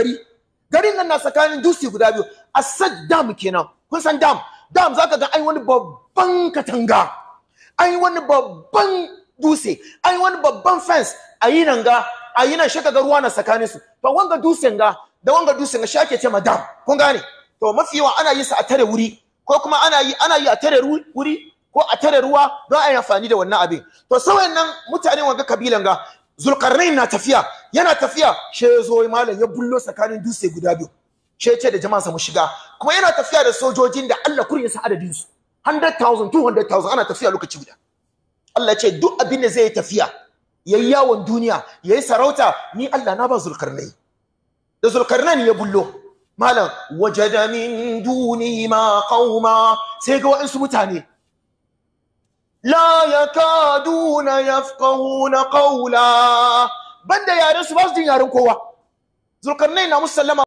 gari garin nan na tsakanin dutse guda biyu asad dam kenan kun san dam dam zaka ga an wani babban katanga an wani babban dutse an wani babban fence a yi nan ga a yi nan shi ga ruwa na tsakanin su fa wanga dutsen ga da wanga dutsen ga shake ce ma dam kun gane to mafi yawa ana yi sa a tare wuri ko kuma ana yi ana yi a tare wuri ko a tare ruwa don a yi amfani da wannan abin to sai nan mutane wanga kabilan ga zulkarnain na tafiya yana tafiya she ya zo malam ya bullo tsakanin dutse guda biyu she ce da jama'a mu shiga kuma yana tafiya da sojojin da Allah kurin sa adadin su 100,000 200,000 ana tafiya lokaci guda Allah ce duk abin da zai yi tafiya yayi yawon duniya yayi sarauta ni Allah na ba zulkarnai da zulkarnai ya bullo malam wajada min duni ma qauma sai ga wa'ansu mutane la yakaduna yafqahuna qawla banda yaren su ba su jin yaren kowa zulkarnai na musallama